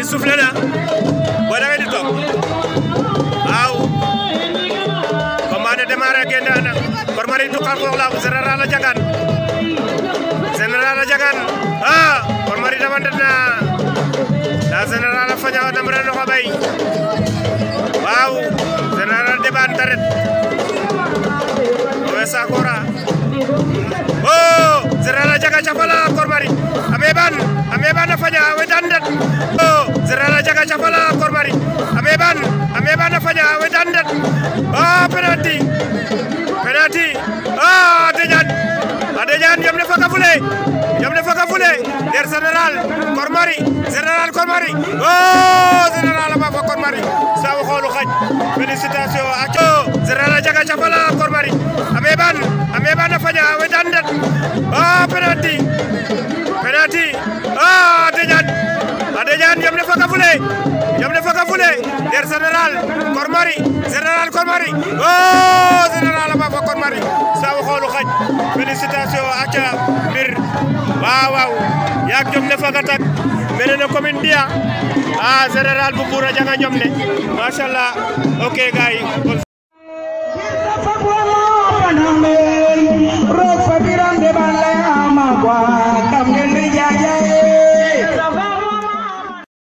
bi soufflé na boo da ngeen di topp waaw combat de démarré génne na Kor Marie Duxar foofu la général la jagaan général la jagaan ah Kor Marie damante na bay waaw général débat taret we done that. Oh, penalty. Penalty. Oh, Adejan. Adejan, jom ne faka fule. Jom ne faka fule. Der General Kormari. General Kormari. Oh, General Ababa Kormari. Sawa kholu khaj. Félicitations. Acho. General Jaga Chapala Kormari. Ameban. der général Kormari général Kormari oh général Ababacar Kormari saa waxoolu xaj félicitation ak mbir waaw waaw yaa jom ne tak mene ne commune Dia ah. ah général bu Buur a janga jom ne macha allah ok